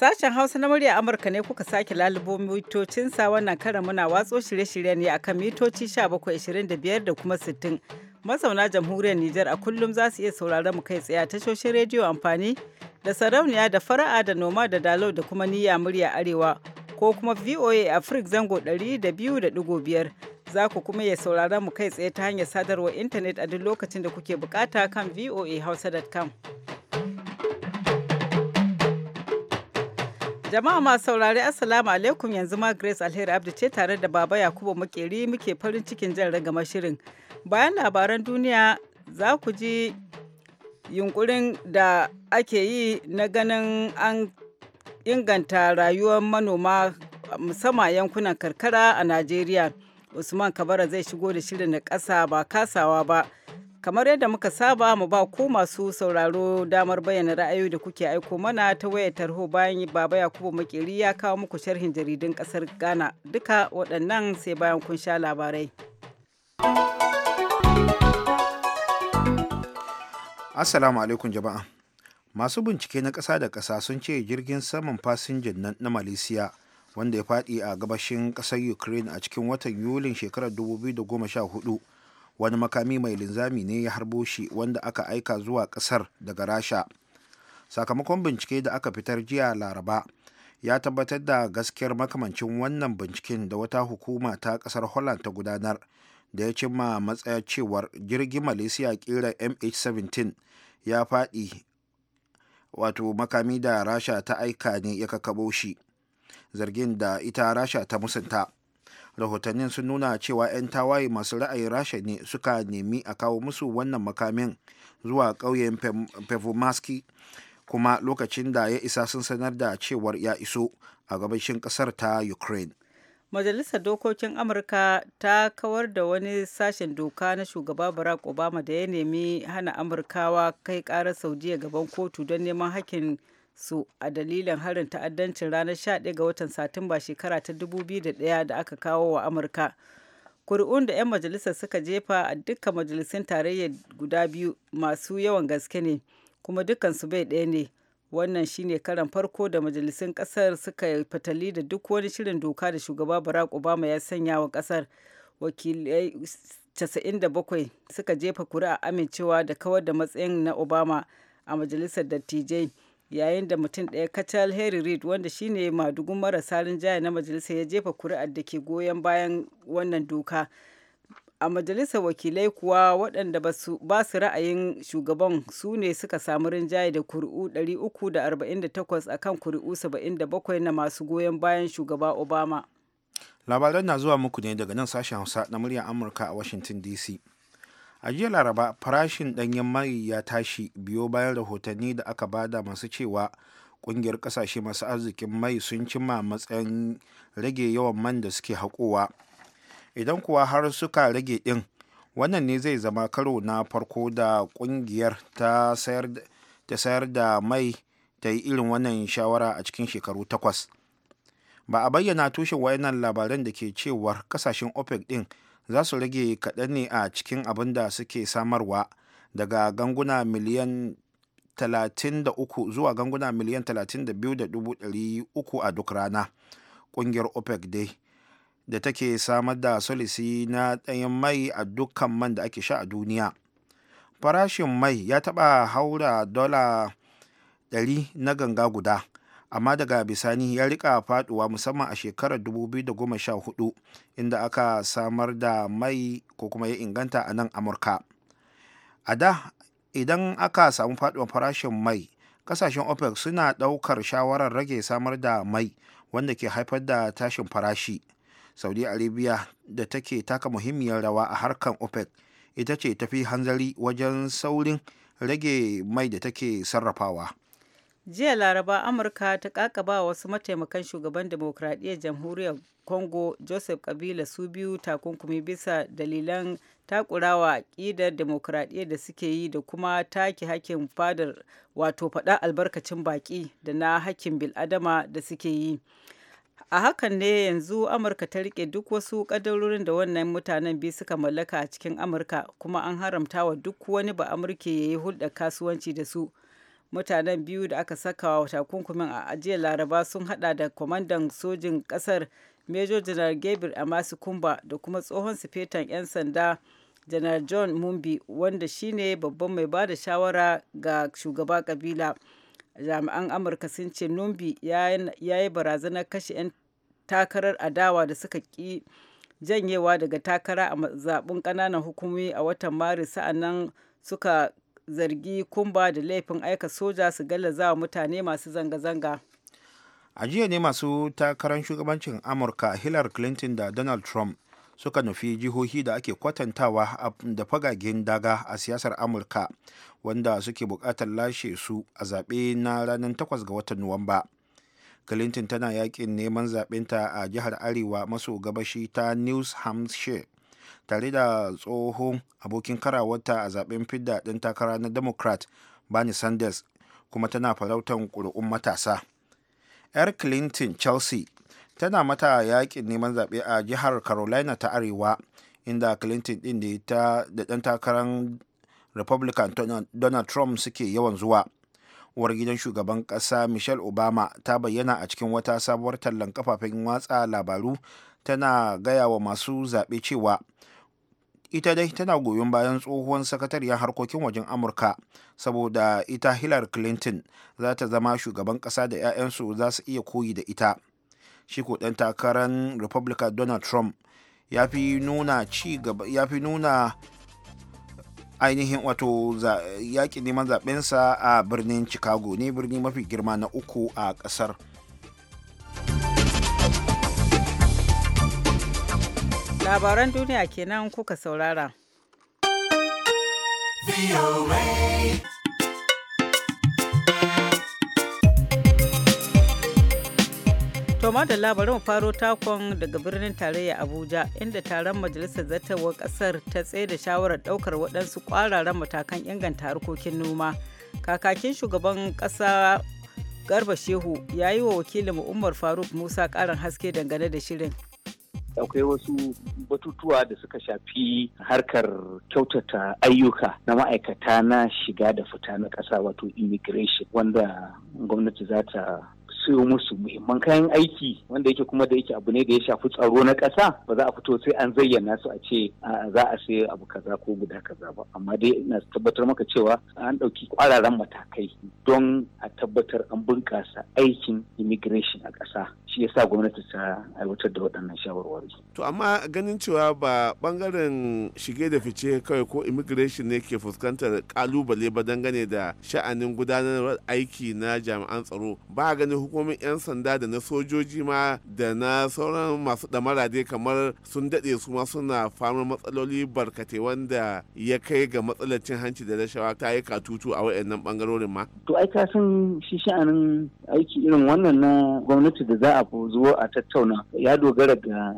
Sashen Hausa na murya Amurka ne kuka sake lalubo mitocinsa wannan karan muna watso shirye-shirye ne akan mitoci 1725 da kuma 60. Mazauna jamhuriyar Nijar a kullum za su iya sauraron mu kai tsaye tashoshin rediyo amfani da sarauniya da fara'a da noma da dalo da kuma niyya murya arewa ko kuma VOA Africa zango da 200.5 za ku kuma iya sauraron mu kai tsaye ta hanyar sadarwar intanet a duk lokacin da kuke bukata kan voahausa.com. Jama'a masu saurari Assalamu alaikum yanzu ma Grace Alheri Abdu ce tare da Baba Yakubu Makeri muke farin cikin jan ragama shirin. Bayan labaran duniya za ku ji yunkurin da ake yi na ganin an inganta rayuwar manoma musamman yankunan karkara a Najeriya. Usman Kabara zai shigo da shirin na kasa ba kasawa ba. kamar yadda muka saba mu ba ku masu sauraro damar bayyana ra'ayoyi da kuke aiko mana ta wayar tarho bayan baba yakubu makeri ya kawo muku sharhin jaridun kasar ghana duka waɗannan sai bayan kun sha labarai assalamu alaikum jama'a masu bincike na ƙasa da ƙasa sun ce jirgin saman fasinjin nan na malaysia wanda ya faɗi a gabashin ƙasar ukraine a cikin watan yulin shekarar 2014 wani makami mai linzami ne ya harbo shi wanda aka aika zuwa kasar daga rasha sakamakon bincike da aka fitar jiya laraba ya tabbatar da gaskiyar makamancin wannan binciken da wata hukuma ta kasar holland ta gudanar da ya cimma matsaya cewar jirgin malaysia kira mh17 ya faɗi wato makami da rasha ta aika ne ya kakabo shi zargin da ita rasha ta musanta rahotannin sun nuna cewa 'yan tawaye masu ra'ayin rasha ne suka nemi a kawo musu wannan makamin zuwa ƙauyen pevomaski kuma lokacin da ya isa sun sanar da cewar ya iso a gabashin ƙasar ta ukraine majalisar dokokin amurka ta kawar da wani sashen doka na shugaba barack obama da ya nemi hana amurkawa kai karar saudiya gaban kotu don neman hakkin su a dalilin harin ta'addancin ranar 11 ga watan satumba shekara ta 2001 da aka kawo wa amurka kuri'un da 'yan majalisar suka jefa a dukkan majalisun tarayya guda biyu masu yawan gaske ne kuma dukkansu bai ɗaya ne wannan shine karan farko da majalisun kasar suka fatali da duk wani shirin doka da shugaba barack obama ya sanya wa kasar wakilai 97 suka jefa kuri'a amincewa da kawar da matsayin na obama a majalisar dattijai yayin da mutum ɗaya kacal harry reid wanda shine madugun salin jaya na majalisa ya jefa kuri'ar da ke goyon bayan wannan doka a majalisar wakilai kuwa waɗanda ba su ra'ayin shugaban su ne suka samu rinjaye da kuri'u 348 a kan kuri'u 77 na masu goyon bayan shugaba obama labaran na zuwa muku ne daga nan sashen hausa na muryar amurka a washington dc a jiya laraba farashin ɗanyen mai ya tashi biyo bayan rahotanni da aka bada masu cewa ƙungiyar ƙasashe masu arzikin mai sun cimma matsayin rage yawan man da suke haƙowa idan kuwa har suka rage ɗin wannan ne zai zama karo na farko da ƙungiyar ta sayar da mai ta yi irin wannan shawara a cikin shekaru takwas ba a bayyana tushen wayannan labaran da ke cewar kasashen opec ɗin za su rage kaɗan ne a cikin abin da suke samarwa daga ganguna miliyan 33 zuwa ganguna miliyan 32,300 a duk rana ƙungiyar opec dai da take samar da solisi na ɗayan mai a dukkan man da ake sha a duniya farashin mai ya taɓa haura dola 100 na ganga guda amma daga bisani ya rika faduwa musamman a shekarar 2014 inda aka samar da mai ko kuma ya inganta a nan amurka a da idan aka samu faduwar farashin mai kasashen opec suna daukar shawarar rage samar da mai wanda ke haifar da tashin farashi saudi arabia da take taka muhimmiyar rawa a harkar opec ita ce tafi hanzari wajen saurin rage mai da take sarrafawa jiya laraba amurka ta kakaba wasu mataimakan shugaban demokradiyyar jamhuriyar congo joseph kabila su biyu takunkumi bisa dalilan takurawa ƙidar demokradiyyar da suke yi da kuma take hakin fadar wato faɗa albarkacin baƙi da na hakkin biladama da suke yi a hakan ne yanzu amurka ta rike duk wasu kadarorin da wannan mutanen biyu suka mallaka a cikin amurka kuma an haramta wa duk wani ba amurke ya yi hulɗar kasuwanci da su mutanen biyu da aka saka wa takunkumin a ajiyar laraba sun hada da kwamandan sojin kasar major general gabriel amasu kumba da kuma tsohon sufetan 'yan sanda general john mumbi wanda shine babban mai ba da shawara ga shugaba kabila jami'an amurka sun ce numbi ya yi barazanar kashe 'yan takarar adawa da suka ki janyewa daga takara a zaben ƙananan hukumi a watan maris nan suka zargi kumba da laifin aika soja su gallaza wa mutane masu zanga-zanga a jiya ne masu takarar shugabancin amurka hillary clinton da donald trump suka nufi jihohi da ake kwatantawa da fagagen daga a siyasar amurka wanda suke bukatar lashe su a zaɓe na ranar 8 ga watan nuwamba clinton tana yakin neman zaɓenta a jihar arewa maso gabashi ta new hampshire tare da tsohon abokin karawarta a zaben fidda ɗin takara na democrat bernie sanders kuma tana farautan ƙuri'un matasa yar clinton chelsea tana mata yakin neman zaɓe a jihar carolina ta arewa inda clinton ɗin da ta da ɗan takarar republican donald trump suke yawan zuwa uwar gidan shugaban ƙasa michelle obama ta bayyana a cikin wata sabuwar tallan kafafen watsa labaru tana gaya wa masu zaɓe cewa ita dai tana goyon bayan tsohon sakatariyar harkokin wajen amurka saboda ita hillary clinton za ta zama shugaban ƙasa da 'ya'yansu za su iya koyi da ita shi ko ɗan takarar republican donald trump ya fi nuna ainihin wato yaƙi neman zaɓensa a birnin chicago ne birni mafi girma na uku a ƙasar Labaran duniya kenan kuka saurara. Toma da labarin faro takon daga birnin tarayya Abuja inda taron majalisar zartarwar kasar ta tsaye da shawarar daukar waɗansu ƙwararren matakan inganta harkokin noma. Kakakin shugaban ƙasa Garba Shehu ya yi wa wakilin Umar Faruk Musa ƙarin haske dangane da shirin. akwai wasu batutuwa da suka shafi harkar kyautata ayyuka na ma'aikata na shiga da fita na ƙasa wato immigration wanda gwamnati za ta siyo musu muhimman kayan aiki wanda yake kuma da yake abu ne da ya shafi tsaro na ƙasa ba za a fito sai an zayyana su a ce za a sayi abu kaza ko guda kaza ba amma dai ina tabbatar maka cewa an ɗauki ƙwararren matakai don a tabbatar an bunƙasa aikin immigration a ƙasa shi ya sa gwamnati ta aiwatar da waɗannan shawarwari. To amma ganin cewa ba ɓangaren shige da fice kawai ko immigration ne ke fuskantar kalubale ba dangane da sha'anin gudanarwa aiki na jami'an tsaro ba ganin hukumar hukumomin 'yan sanda da na sojoji ma da na sauran masu damara dai kamar sun daɗe su ma suna fama matsaloli barkate wanda ya kai ga matsalar cin hanci da rashawa ta yi katutu a wayannan bangarorin ma. To ai ka san shi sha'anin aiki irin wannan na gwamnati da za a zo a tattauna ya dogara ga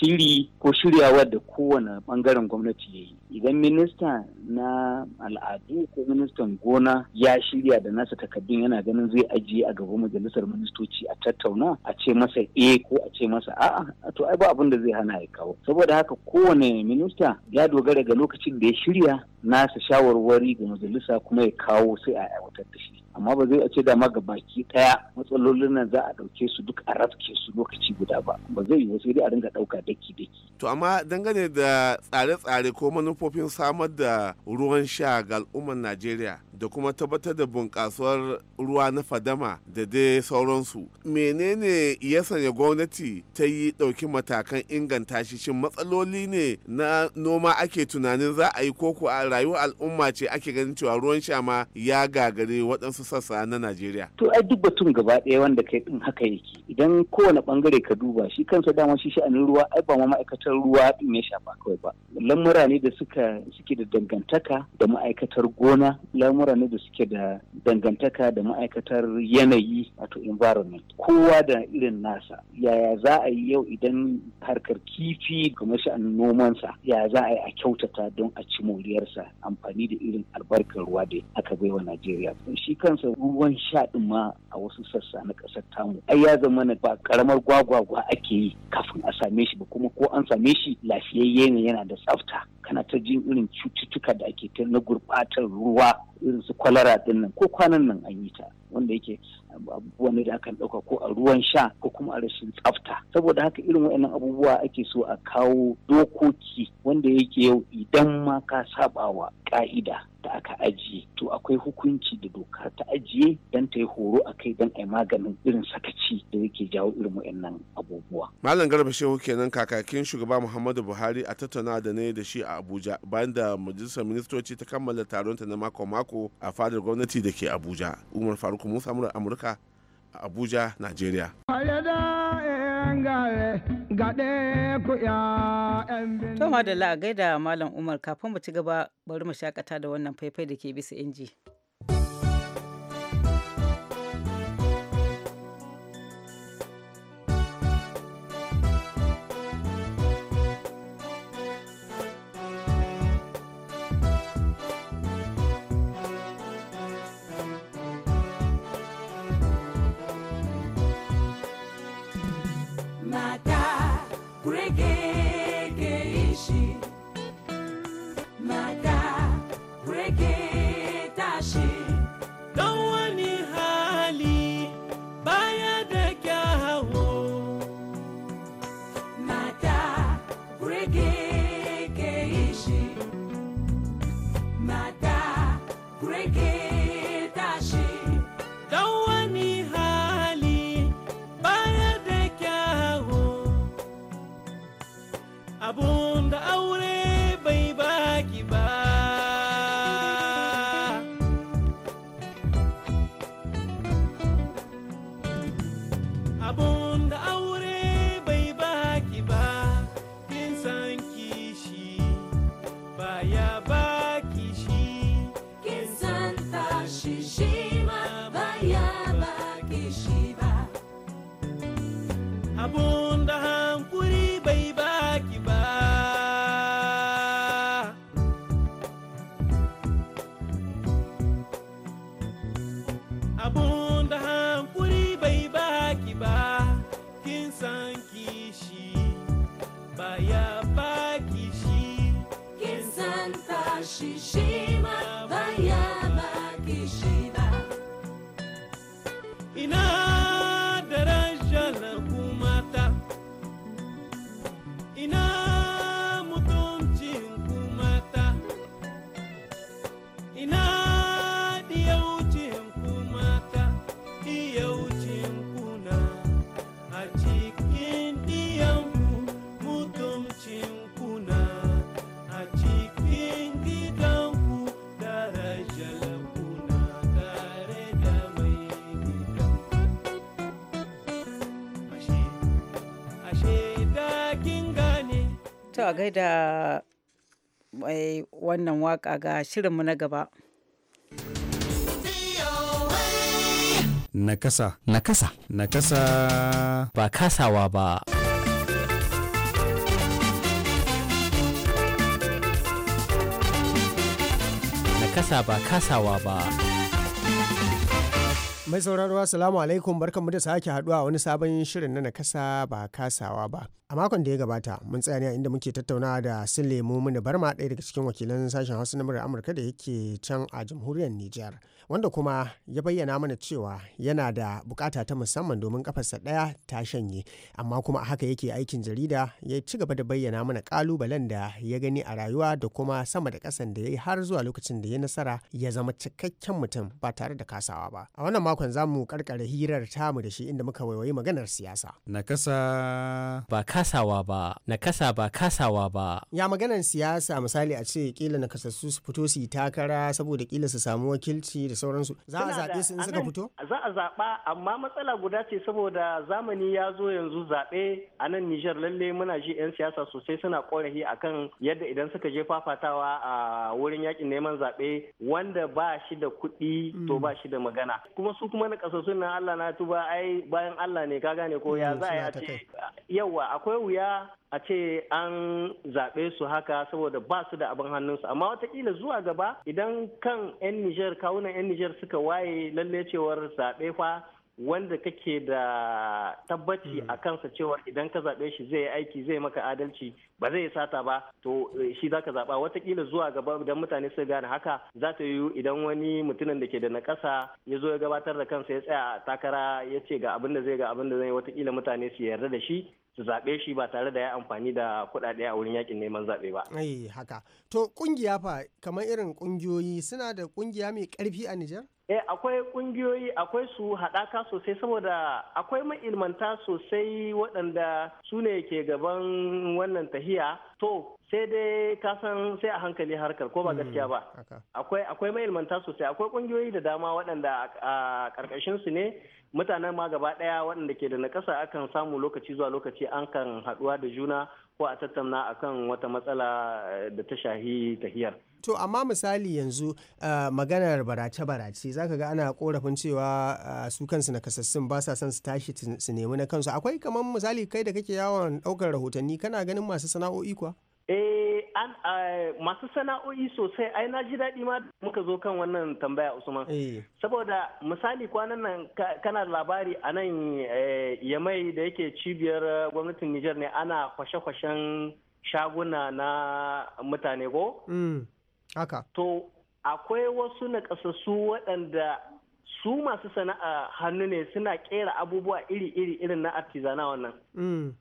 shiri ko shiryawar da kowane bangaren gwamnati ya yi idan minista na al'adu ko ministan gona ya shirya da nasa takaddun yana ganin zai ajiye a gaban majalisar majalisar ministoci a tattauna a ce masa eh ko a ce masa a'a to ai ba abin da zai hana ya kawo saboda haka kowane minista ya dogara ga lokacin da ya shirya nasa shawarwari ga majalisa kuma ya kawo sai a aiwatar da shi amma ba zai a ce dama ga baki daya matsalolin nan za a dauke su duk a rafke su lokaci guda ba ba zai yi sai dai a dinga dauka daki daki to amma dangane da tsare-tsare ko manufofin samar da ruwan sha ga al'ummar Najeriya da kuma tabbatar da bunƙasuwar ruwa na fadama da dai sauransu menene ya sanya gwamnati ta yi ɗauki matakan inganta shi shin matsaloli ne na noma ake tunanin za a yi koko a rayuwar al'umma ce ake ganin cewa ruwan sha ma ya gagare waɗansu sassa na Najeriya? To ai duk batun gaba ɗaya wanda kai ɗin haka yake idan kowane ɓangare ka duba shi kansa dama shi sha'anin ruwa ai ba ma ma'aikatar ruwa ɗin ya shafa kawai ba. Lamura ne da suka suke da dangantaka da ma'aikatar gona lamura ne da suke da dangantaka da ma'aikatar yanayi wato environment kowa da irin nasa yaya za a yi yau idan harkar kifi kamar sha'anin sa, ya za a yi a kyautata don a ci moriyarsa amfani da irin albarkar ruwa da aka baiwa Najeriya. Shi kan kansa ruwan sha ɗin ma a wasu sassa na ƙasar tamu ai ya zama na ba karamar gwagwagwa ake yi kafin a same shi ba kuma ko an same shi lafiyayye ne yana da tsafta kana ta jin irin cututtuka da ake ta na gurbatar ruwa irin su kwalara din nan ko kwanan nan an yi ta wanda yake abubuwan da aka ɗauka ko a ruwan sha ko kuma a rashin tsafta saboda haka irin waɗannan abubuwa ake so a kawo dokoki wanda yake yau idan ma ka sabawa ka'ida da aka ajiye to akwai hukunci da doka ta ajiye don ta yi horo a kai don a yi maganin irin sakaci da yake jawo irin waɗannan abubuwa. Malam Garba Shehu kenan kakakin shugaba Muhammadu Buhari a tattauna da ne da shi a Abuja bayan da majalisar ministoci ta kammala taron ta na mako-mako farko a fadar gwamnati da ke abuja umar faruk musa murar amurka a abuja nigeria to madalla a gaida Malam Umar kafin mu ci gaba bari mu shakata da wannan faifai da ke bisa inji. To a gaida mai eh, wannan waka ga shirinmu na gaba. Nakasa. Nakasa. Nakasa. Ba kasawa ba. Nakasa ba kasawa ba. Mai sauraro Assalamu alaikum barkanmu da sake haduwa wani sabon shirin na nakasa ba kasawa ba. a makon da ya gabata mun tsaya ne a inda muke tattaunawa da sun lemu mini barma ɗaya daga cikin wakilan sashen hausa na amurka da yake can a jamhuriyar nijar wanda kuma ya bayyana mana cewa yana da bukata ta musamman domin kafarsa ɗaya ta shanye amma kuma a haka yake aikin jarida ya ci gaba da bayyana mana kalubalen da ya gani a rayuwa da kuma sama da kasan da ya yi har zuwa lokacin da ya nasara ya zama cikakken mutum ba tare da kasawa ba a wannan makon za mu karkare hirar tamu da shi inda muka waiwayi maganar siyasa nakasa ba kasawa ba kasa ba kasawa ba ya maganan siyasa misali a ce kila nakasassu su fito su yi takara saboda kila su samu wakilci da sauransu za a zaɓe su in suka fito za a zaɓa amma matsala guda ce saboda zamani ya zo yanzu zaɓe a nan Nijar lalle muna ji 'yan siyasa sosai suna korafi akan yadda idan suka je fafatawa a wurin yakin neman zaɓe wanda ba shi da kuɗi to mm. ba shi da magana kuma su kuma na kasassu na Allah na tuba ai bayan Allah ne ka gane ko ya mm, za a ce yawa akwai wuya a ce an zaɓe su haka saboda ba su da abin hannunsu amma watakila zuwa gaba idan kan 'yan nijar kawunan 'yan nijar suka waye lalle cewar zaɓe fa wanda kake da tabbaci hmm. a kansa cewa idan ka zaɓe shi zai aiki zai maka adalci ba zai sata ba to eh, shi zaka zaɓa watakila zuwa gaba idan mutane su gane haka za ta yiwu idan wani mutumin da ke da nakasa ya zo ya gabatar da kansa ya tsaya a takara ya ce ga abin da zai ga abin da zai watakila mutane su yarda da shi su zaɓe shi ba tare da ya amfani da kuɗaɗe a wurin yakin neman zaɓe ba. Ai haka. To ƙungiya fa kamar irin ƙungiyoyi suna da ƙungiya mai ƙarfi a Nijar? eh akwai kungiyoyi akwai su haɗaka sosai saboda akwai ma'ilmanta sosai waɗanda su ne ke gaban wannan tahiya to sai dai ka san sai a hankali harkar ko ba hmm, gaskiya ba akwai akwai ma'ilmanta sosai akwai kungiyoyi da dama waɗanda a ƙarƙashin su ne mutanen ma gaba ɗaya waɗanda ke da nakasa akan samu lokaci zuwa lokaci an kan haɗuwa da juna ko a tattauna akan wata matsala eh, da ta shahi tahiyar. To amma misali yanzu eh, maganar barace-barace zaka ga ana korafin cewa eh, su kansu na kasassun ba sa son su tashi su nemi na kansu akwai kamar misali kai da kake yawon ɗaukar rahotanni kana ganin masu sana'o'i kuwa? Eh masu sana'o'i sosai ai na ji daɗi ma muka zo kan wannan tambaya usman eh. saboda misali kwanan nan kana labari a nan eh, yamai da yake cibiyar gwamnatin nijar ne ana kwashe-kwashen shaguna na mutane ko mm. haka to akwai wasu nakasassu waɗanda su masu sana'a hannu ne suna kera abubuwa iri-iri irin na artizana wannan mm.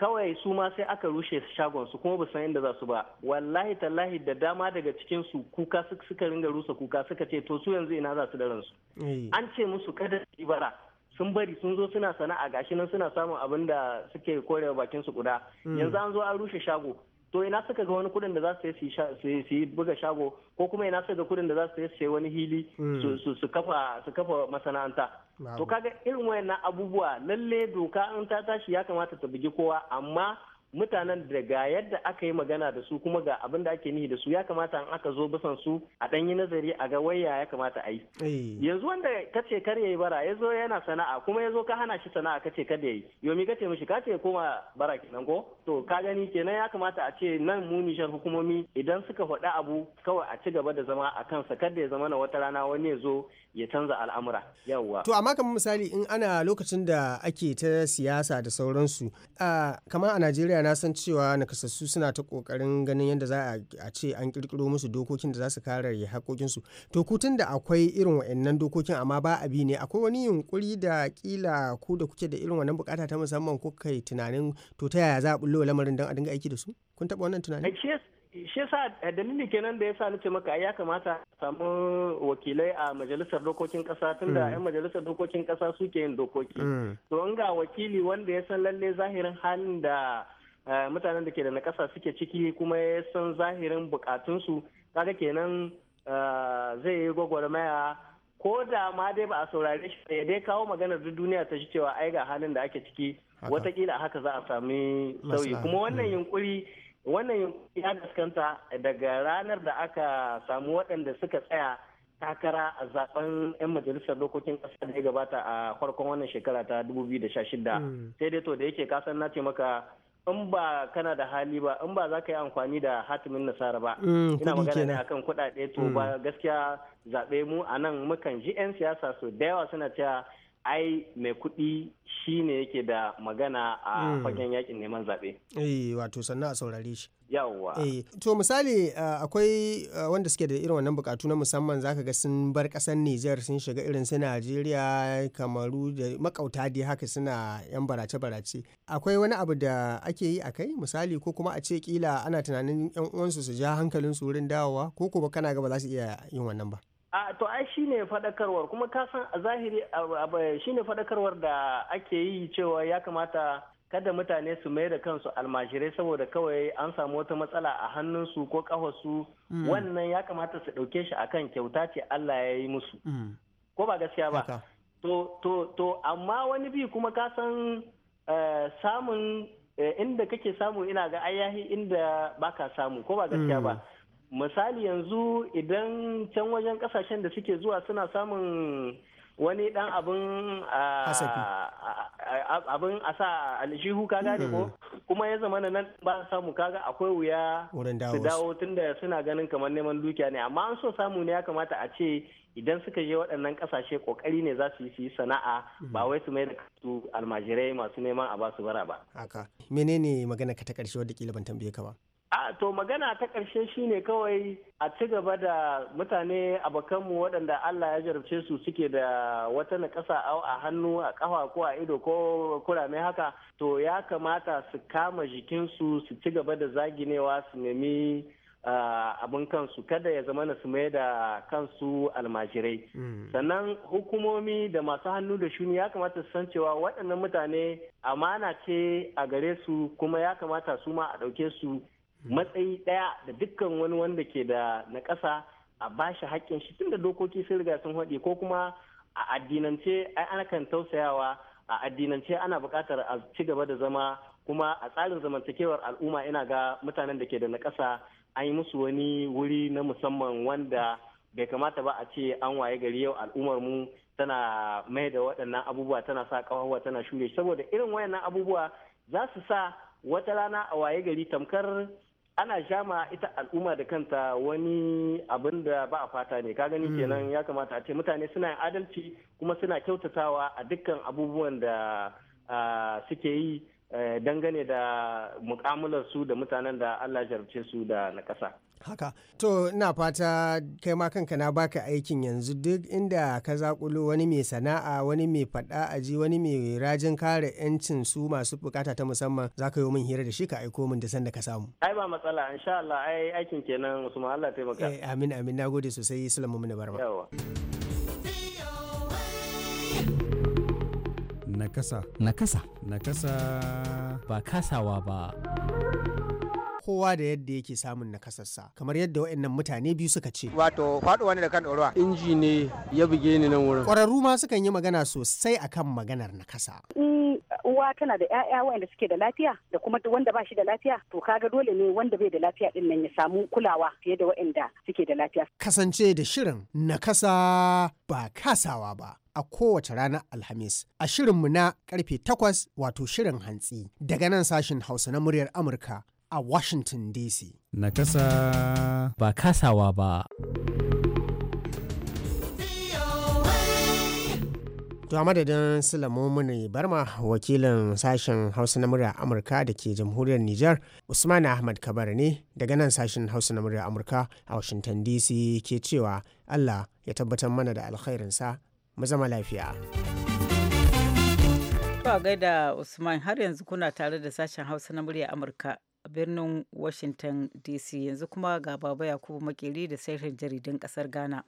kawai su ma sai aka rushe shagon su kuma san inda za su ba wallahi tallahi da dama daga cikin su kuka suka ringa rusa kuka suka ce to su yanzu ina za su da ransu eh. an ce musu kada su bara sun bari sun zo suna sana'a gashi nan suna samun abin da suke korewa bakin su guda hmm. yanzu an zo an rushe shago to ina suka ga wani kudin da za su yi su yi buga shago ko kuma ina suka ga kudin da za su yi wani hili mm. su kafa su kafa masana'anta to kaga irin wayannan abubuwa lalle doka in ta tashi ya kamata ta bugi kowa amma mutanen da ga yadda aka yi magana da su kuma ga abin da ake nihi da su ya kamata an aka zo bisan su a dan yi nazari a ga waya ya kamata a yi eh. yanzu wanda ka ce kar yayi bara ya yana sana'a kuma ya ka hana shi sana'a ka ce kada yayi yomi ka ce mishi ka ce koma bara kenan ko to ka gani kenan ya kamata a ce nan mu nishar hukumomi idan suka faɗi abu kawai a ci gaba da zama a kansa kada ya zama na wata rana wani ya zo ya canza al'amura yawwa to amma kamar misali in ana lokacin da ake ta siyasa da sauransu kamar a Najeriya najeriya na san cewa nakasassu suna ta kokarin ganin yadda za a ce an kirkiro musu dokokin da za su kare haƙoƙinsu to kutun da akwai irin wa'annan dokokin amma ba a bi ne akwai wani yunkuri da kila ku da kuke da irin wannan bukata ta musamman ko kai tunanin to ta yaya za a bullo lamarin don a dinga aiki da su kun taɓa wannan tunanin shi yasa eh, dalilin kenan da yasa nace maka ya kamata samu wakilai a majalisar dokokin kasa tunda yan mm. majalisar dokokin kasa suke yin dokoki mm. to an ga wakili wanda ya san lalle zahirin halin da Eh, mutanen da ke da nakasa suke ciki kuma ya san zahirin bukatunsu kaga kenan eh, zai yi gwagwarmaya ko da ma dai ba a saurare shi ya dai kawo magana duk duniya ta ji cewa ai ga halin da ake ciki watakila haka za a sami sauyi kuma wannan hmm. yunkuri wannan yunkuri ya gaskanta daga ranar da aka samu waɗanda suka tsaya takara a zaben 'yan majalisar dokokin ƙasa da ya gabata a farkon wannan shekara ta 2016 hmm. sai dai to da yake kasan na ce maka in ba kana da hali ba in ba za ka yi amfani da hatimin nasara ba mm, ina magana ne akan kuɗaɗe to mm. ba gaskiya zaɓe mu a nan mukan ji 'yan siyasa so da yawa suna cewa ai mai kuɗi shi ne yake da magana a hmm. fagen yakin neman zaɓe. Eh wato sannan a saurare shi. Yawwa. Eh to misali akwai wanda suke da irin wannan bukatu na musamman zaka ga sun bar ƙasar Nijar sun shiga irin su Najeriya, Kamaru da makauta dai haka suna yan barace-barace. Akwai wani abu da ake yi a kai misali ko kuma a ce kila ana tunanin yan uwansu su ja hankalin su wurin dawowa ko kuma kana ga ba za su iya yin wannan ba. a to ai shine fadakarwar kuma ka san a zahiri shine fadakarwar da ake yi cewa ya kamata kada mutane su mai da kansu almajirai saboda kawai an samu wata matsala a hannunsu ko su mm. wannan ya kamata su ɗauke shi akan kyauta ce Allah ya yi musu mm. ko ba gaskiya ba to to to amma wani bi kuma ka san eh, samun eh, inda kake samu ina ga ayyahi inda baka samu ko ba gaskiya ba mm. misali yanzu idan can wajen kasashen da suke zuwa suna samun wani dan abin abin a sa kaga ne ko mm-hmm. kuma ya zama nan ba samu kaga akwai wuya su dawo tunda suna ganin kamar neman dukiya ne amma an so samu ne ya kamata a ce idan suka je waɗannan ƙasashe kokari ne za su yi sana'a mm-hmm. ba wai su mai da kasu almajirai masu neman a ba su bara ba haka menene magana ka ta ƙarshe wadda kila ban tambaye ka ba a to magana ta ƙarshe shine kawai a ci gaba da mutane abokanmu waɗanda allah ya jarabce su suke da wata nakasa a hannu a ƙafa ko a ido ko kurame haka to ya kamata su kama jikinsu su ci gaba da zaginewa su nemi Uh, abin kansu kada ya zama su mai da kansu almajirai mm. sannan hukumomi da masu hannu da shuni ya kamata su san cewa waɗannan mutane amana ce a gare su kuma ya kamata su ma a ɗauke su matsayi ɗaya da dukkan wani wanda ke da na ƙasa a bashi haƙƙin shi tunda dokoki sun riga sun haɗe ko kuma a addinance ai ana kan tausayawa a addinance ana buƙatar a ci gaba da zama kuma a tsarin zamantakewar al'umma ina ga mutanen da ke da na ƙasa an yi musu wani wuri na musamman wanda bai kamata ba a ce an waye gari yau al'ummar mu tana mai da waɗannan abubuwa tana sa ƙawawa tana shure saboda irin wayannan abubuwa za su sa wata rana a waye gari tamkar ana shama ita al'umma da kanta wani abin da ba a fata ne ka gani mm. kenan ya kamata a ce mutane suna yin adalci kuma suna kyautatawa a dukkan abubuwan da suke yi eh, dangane da mukamular su da mutanen da Allah jarabce su da na ƙasa. haka to ina fata kai ma kanka na baka aikin yanzu duk inda ka zakulo wani mai sana'a wani mai fada aji wani mai rajin kare yancin su masu bukata ta musamman za ka yi min hira da shi ka aiko min da sanda ka samu ai ba matsala insha Allah ai aikin kenan Usman Allah taimaka eh amin amin nagode sosai barba. mun kasa. na nakasa nakasa nakasa ba kasawa ba kowa da yadda yake samun nakasarsa kamar yadda waɗannan mutane biyu suka ce wato faɗuwa ne da kan ɗorawa inji ne ya buge ni nan wurin ƙwararru ma sukan yi magana sosai akan maganar nakasa uwa tana da 'ya'ya waɗanda suke da lafiya da kuma wanda ba shi da lafiya to kaga dole ne wanda bai da lafiya din nan ya samu kulawa fiye da waɗanda suke da lafiya. Kasance da shirin nakasa ba kasawa ba. A kowace ranar Alhamis, a shirinmu na karfe takwas wato shirin hantsi daga nan sashin Hausa na muryar Amurka a Washington DC. Nakasa ba kasawa ba. To a madadin Sulamu Muni Barma wakilin sashen Hausa na murya Amurka da ke jamhuriyar Nijar Usman Ahmad Kabar ne daga nan sashen Hausa na murya Amurka a Washington DC ke cewa Allah ya tabbatar mana da alkhairinsa mu zama lafiya. Ba gaida Usman har yanzu kuna tare da sashen Hausa na murya Amurka a birnin Washington DC yanzu kuma ga Baba Yakubu Makeri da sharhin jaridun kasar Ghana.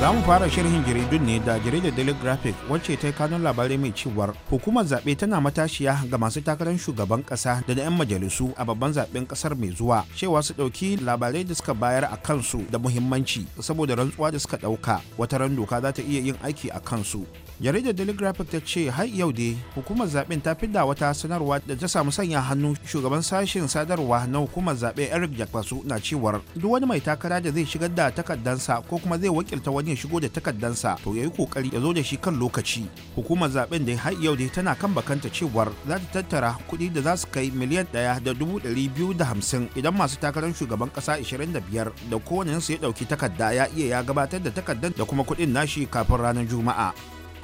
za mu fara sharhin jaridun ne da jaridar daily graphic wacce ta kanun labarai mai cewar hukumar zaɓe tana matashiya ga masu takarar shugaban ƙasa da na 'yan majalisu a babban zaɓen ƙasar mai zuwa cewa su ɗauki labarai da suka bayar a kansu da muhimmanci saboda rantsuwa da suka ɗauka wata ran doka za ta iya yin aiki a kansu jaridar daily graphic ta ce har yau dai hukumar zaben ta fidda wata sanarwa da ta samu sanya hannu shugaban sashen sadarwa na hukumar zaɓe eric jakwasu na cewar duk wani mai takara da zai shigar da takaddansa ko kuma zai wakilta wani ya shigo da takaddansa to ya yi kokari ya zo da shi kan lokaci hukumar zaben da har yau dai tana kan bakanta cewar za ta tattara kuɗi da za su kai miliyan ɗaya da dubu ɗari biyu da hamsin idan masu takarar shugaban ƙasa ashirin da biyar da ya ɗauki takadda ya iya ya gabatar da takardar da kuma kuɗin nashi kafin ranar juma'a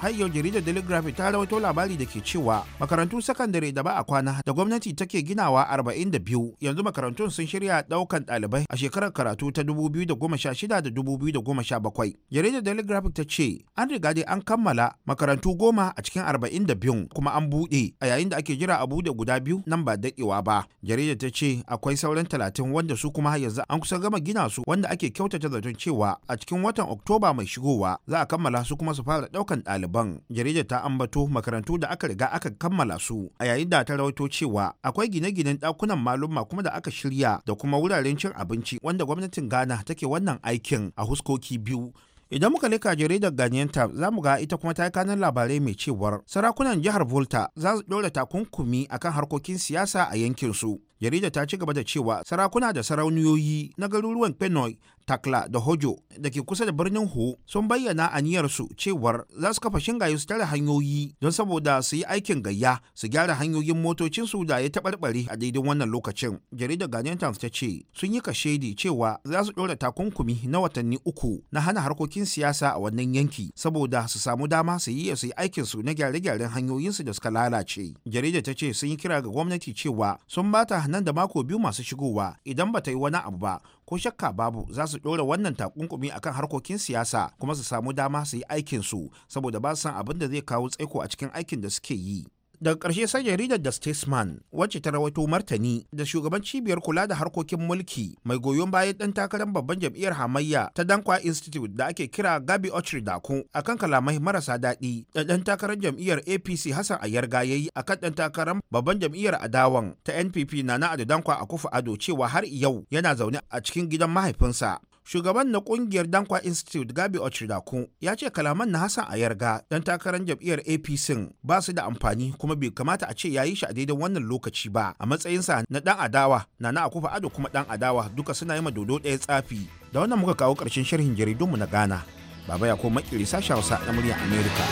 har jaridar daily graphic ta rawaito labari da ke cewa makarantu sakandare da ba a kwana da gwamnati take ginawa 42 yanzu makarantun sun shirya daukan ɗalibai a shekarar karatu ta 2016 da 2017 jaridar daily graphic ta ce an riga dai an kammala makarantu goma a cikin 42 kuma an buɗe a yayin da ake jira a buɗe guda biyu nan ba daɗewa ba jaridar ta ce akwai sauran 30 wanda su kuma yanzu an kusa gama gina su wanda ake kyautata zaton cewa a cikin watan oktoba mai shigowa za a kammala su kuma su fara ɗaukan ɗalibai daban jaridar ta ambato makarantu da aka riga aka kammala su a yayin da ta rawaito cewa akwai gine-ginen dakunan maluma kuma da aka shirya da kuma wuraren cin abinci wanda gwamnatin ghana take wannan aikin a huskoki biyu idan muka leka jaridar ganiyan ta za mu ga ita kuma ta yi kanan labarai mai cewar sarakunan jihar Volta za su ɗora takunkumi akan harkokin siyasa a yankin su. Jarida ta ci gaba da cewa sarakuna da sarauniyoyi na garuruwan Penoy Takla da Hojo da ke kusa da birnin Ho sun bayyana aniyarsu cewar za su kafa shingaye su tare hanyoyi don saboda su yi aikin gayya su gyara hanyoyin motocin su da ya taɓarɓare a daidai wannan lokacin. Jaridar Ghanaian Times ta ce sun yi kashedi cewa za su ɗora takunkumi na watanni uku na hana harkokin siyasa a wannan yanki saboda su samu dama su yi su yi su na gyare-gyaren hanyoyin su da suka lalace. Jaridar ta ce sun yi kira ga gwamnati cewa sun bata nan da mako biyu masu shigowa idan ba ta yi wani abu ba ko shakka babu za su ɗora wannan takunkumi akan harkokin siyasa kuma su samu dama su yi aikinsu saboda ba su san abin da zai kawo tsaiko a cikin aikin da suke yi. daga ƙarshe sai jaridar da statesman wacce ta rawaito martani da shugaban cibiyar kula da harkokin mulki mai goyon bayan ɗan takarar babban jam'iyyar hamayya ta dankwa institute da ake kira gabi ochri Daku" akan kalamai marasa daɗi da ɗan takarar jam'iyyar apc hassan ayarga ya yi akan ɗan takarar babban jam'iyyar adawan ta npp nana ado dankwa a kufa ado cewa har yau yana zaune a cikin gidan mahaifinsa shugaban na kungiyar dankwa institute gabi ochiraku ya ce kalaman na hassan yarga dan takarar jam'iyyar apc ba su da amfani kuma bai kamata a ce ya yi shi a daidai wannan lokaci ba a matsayinsa na dan adawa na na akufa ado kuma dan adawa duka suna yi madodo dodo ɗaya tsafi da wannan muka kawo ƙarshen sharhin jaridunmu na ghana baba ya ko makiri sashen hausa na muryar america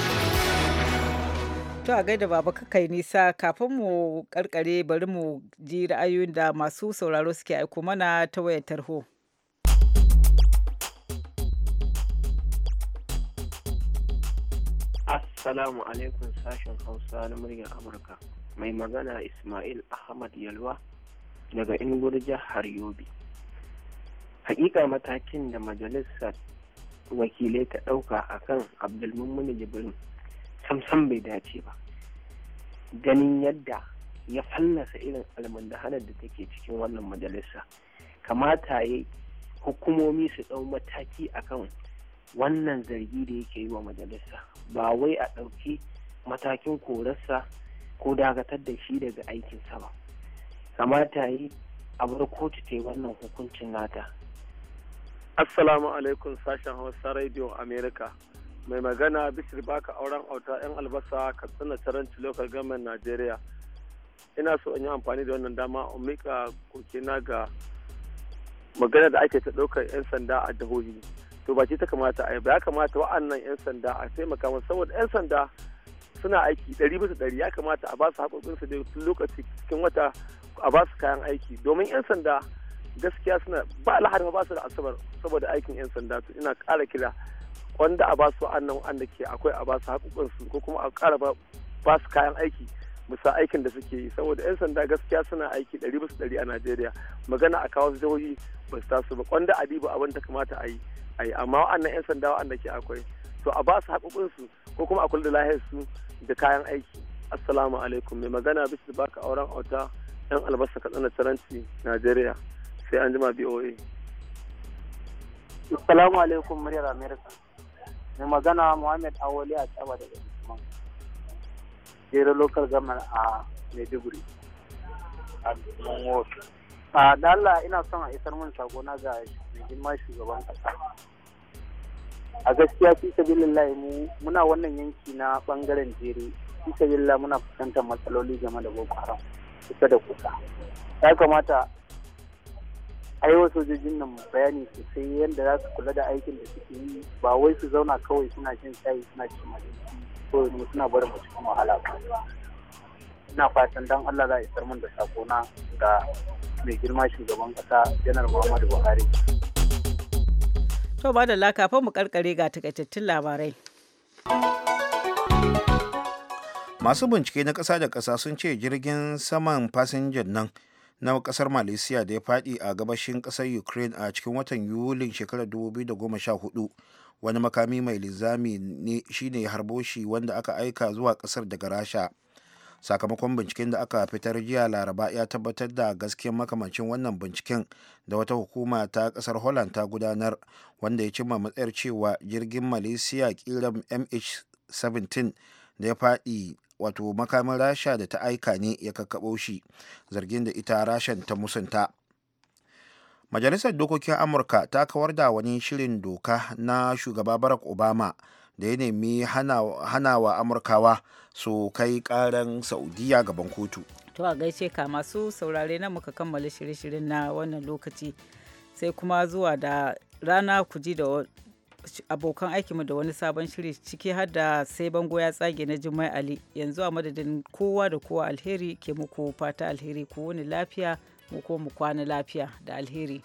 to a gaida baba kakai nisa kafin mu karkare bari mu ji ra'ayoyin da masu sauraro suke aiko mana ta wayar tarho. Assalamu alaikum sashen Hausa na muryar Amurka. Mai magana Ismail Ahmad Yalwa daga Ingur jihar Yobe. Hakika matakin da majalisar wakilai ta ɗauka a kan Abdulmummuni Jibrin samsam bai dace ba. Ganin yadda ya fallasa irin almundahanar da take cikin wannan majalisa. Kamata ya hukumomi su ɗau mataki akan wannan zargi da yake yi wa majalisa ba wai a ɗauki matakin korarsa ko dagatar da shi daga aikinsa ba kamata yi a bar kotu ta wannan hukuncin nata assalamu alaikum sashen hausa radio america mai magana bishir baka auren auta yan albasa katsina taranci local government nigeria ina so in yi amfani da wannan dama a mika kokina ga magana da ake ta ɗaukar 'yan sanda a jihohi to ba ta kamata a yi ba ya kamata wa'annan 'yan sanda a taimaka masu saboda 'yan sanda suna aiki ɗari bisa ɗari ya kamata a ba su haƙoƙin su tun lokaci cikin wata a ba su kayan aiki domin 'yan sanda gaskiya suna ba lahadi ba su da asabar saboda aikin 'yan sanda to ina ƙara kira wanda a ba su wa'annan wa'anda ke akwai a ba su su ko kuma a ƙara ba su kayan aiki bisa aikin da suke yi saboda 'yan sanda gaskiya suna aiki ɗari bisa ɗari a najeriya magana a kawo jihohi ba su tasu ba kwanda ba abin da kamata a yi a yi amma wa'annan 'yan sanda wa'anda ke akwai to a ba su ko kuma a kula da lahiyarsu da kayan aiki assalamu alaikum mai magana bisu baka auren auta yan albasa ka katsina taranci najeriya sai an jima boa assalamu alaikum muryar america mai magana muhammad awoli a tsaba daga jere local gamar a maiduguri a dala ina son a isar mun na ga girma shugaban kasa a gaskiya fi sabilillahi mu muna wannan yanki na bangaren jere fi sabilillahi muna fuskantar matsaloli game da boko haram kusa da kusa ya kamata a yi wa sojojin nan bayani sosai yadda za su kula da aikin da suke yi ba wai su zauna kawai suna jin shayi suna cin so suna barin mu cikin wahala ina fatan dan Allah za a isar mun da na ga mai girma shugaban kasa janar Muhammadu Buhari to ba da laka fa mu karkare ga takaitattun labarai masu bincike na kasa da kasa sun ce jirgin saman fasinjan nan na kasar malaysia da ya fadi a gabashin kasar ukraine a cikin watan yulin shekarar 2014 wani makami mai linzami ne shine ya harbo shi wanda aka aika zuwa kasar daga rasha sakamakon binciken da aka fitar jiya laraba ya tabbatar da gaskiyar makamancin wannan binciken da wata hukuma ta kasar holland ta gudanar wanda ya cimma matsayar cewa jirgin malaysia kiran mh17 da ya faɗi wato makamin rasha da ta aika ne ya kakkaɓo shi zargin da ita rashan ta musunta majalisar dokokin amurka ta kawar da wani shirin doka na shugaba barack obama da ya nemi hana wa amurkawa su kai karan saudiya gaban kotu to a gaishe ka masu saurare na muka kammala shirye-shiryen na wannan lokaci sai kuma zuwa da rana ku ji da abokan aikinmu da wani sabon shiri ciki har da sai bango ya tsage na jimai ali yanzu a madadin kowa da kowa alheri ke muku fata alheri ku wani lafiya mu ko mu kwana lafiya da alheri